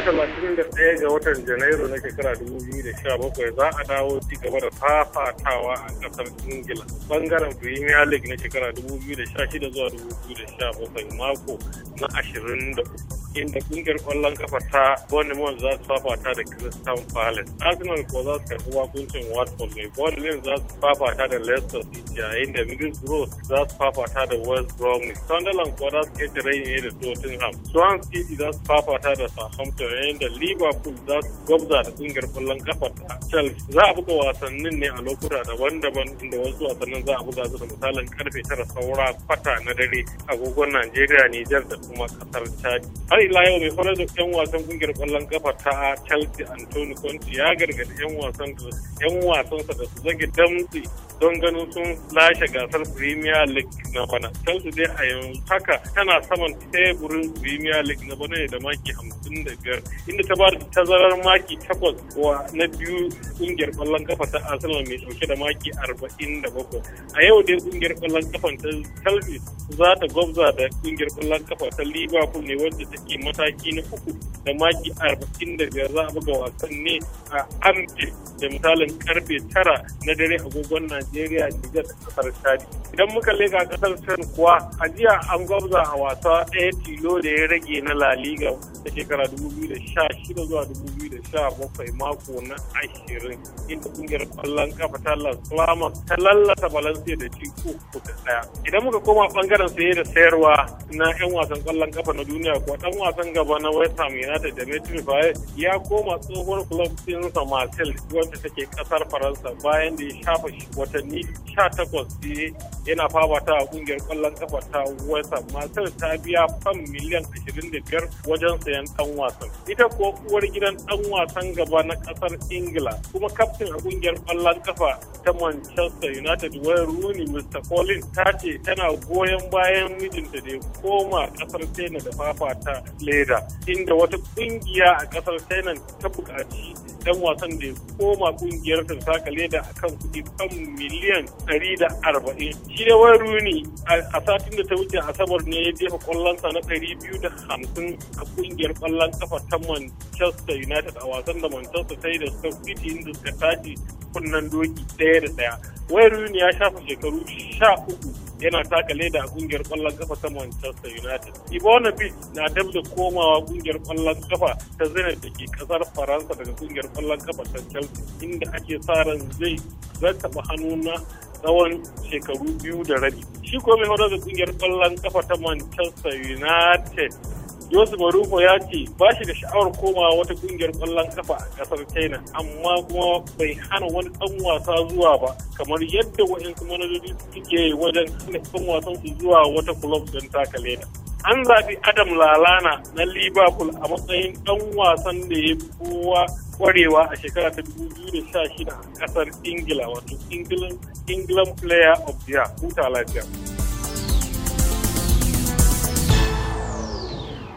ranar talatin da ɗaya ga watan janairu na shekara dubu biyu da sha bakwai za a dawo ci gaba da fafatawa a ƙasar ingila bangaren premier league na shekara dubu biyu da sha shida zuwa dubu biyu da sha bakwai mako na ashirin da inda kungiyar kwallon kafa ta Bournemouth za su fafata da Crystal Palace. Arsenal ko za su karɓi wakuncin Watford mai Bournemouth za su fafata da Leicester City. yayin da Middlesbrough za su fafata da West Bromwich. Sunderland kuwa za su kece rayin da Tottenham. Swan City za su fafata da Southampton yayin da Liverpool za su gwabza da kungiyar kwallon kafa ta Chelsea. Za a buga wasannin ne a lokuta daban-daban inda wasu wasannin za a buga su da misalin karfe tara saura fata na dare agogon Najeriya, Nijar da kuma kasar Chad. Har ila yau mai horar da 'yan wasan kungiyar kwallon kafa ta Chelsea Antonio Conte ya gargadi 'yan wasan 'yan wasansa da su zage damtse don ganin sun lashe gasar Premier League na bana. Chelsea dai a yanzu haka tana saman teburin Premier League na bana ne da maki 55 inda ta ba da tazarar maki takwas wa na biyu kungiyar kwallon kafa ta Arsenal mai dauke da maki 47 A yau dai kungiyar kwallon kafan ta Chelsea za ta gwabza da kungiyar kwallon kafa ta Liverpool ne wadda take mataki na uku da maki 45 za a buga wasan ne a Amfi da misalin karfe tara na dare agogon Najeriya Nijar kasar Chad. idan muka leka kasar chad kuwa a jiya an gwabza a wasa ɗaya tilo da ya rage na la liga ta shekara 2016 zuwa sha bakwai mako na ashirin inda kungiyar kwallon kafa ta las ta lallata balance da ci ko da daya idan muka koma bangaren saye da sayarwa na yan wasan kwallon kafa na duniya ko dan wasan gaba na west ham united da metri ya koma tsohuwar club ɗinsa marcel wanda take kasar faransa bayan da ya shafa watanni sha takwas yana ta a kungiyar kwallon kafa ta west ham marcel ta biya fam miliyan ashirin da biyar wajen sayan ɗan wasan ita ko uwar gidan ɗan wasan wasan gaba na kasar ingila kuma kaftin a kungiyar kwallon kafa ta manchester united wayar rooney mr collins ta ce tana goyon bayan mijinta da ya koma kasar china da fafata leda inda wata kungiya a kasar china ta buƙaci dan wasan da ya koma kungiyar ka leda a kan kuɗi kan miliyan 140 shi ne wani runi a satin da ta wuce asabar ne ya jefa kwallonsa na 250 a kungiyar kwallon kafa ta manchester united a wasan da manchester ta yi da suka fiti inda suka tashi kunnen doki ɗaya da ɗaya wani runi ya shafa shekaru 13 yana taka leda a kungiyar kwallon kafa ta Manchester United. Ivanovic na dab da komawa kungiyar kwallon kafa ta zina da ke kasar Faransa daga kungiyar kwallon kafa ta Chelsea inda ake sa ran zai rattaba hannu na tsawon shekaru biyu da rabi. Shi ko mai horar da kungiyar kwallon kafa ta Manchester United Jose Mourinho ya ce ba shi da sha'awar komawa wata kungiyar kwallon kafa a ƙasar China amma kuma bai hana wani ɗan wasa zuwa ba kamar yadda wayansu manajoji suke wajen hana ɗan wasan su zuwa wata kulob don taka leda. An zaɓi Adam Lalana na Liverpool a matsayin ɗan wasan da ya kowa kwarewa a shekara ta 2016 a ƙasar Ingila wato England Player of the Year. Huta lafiya.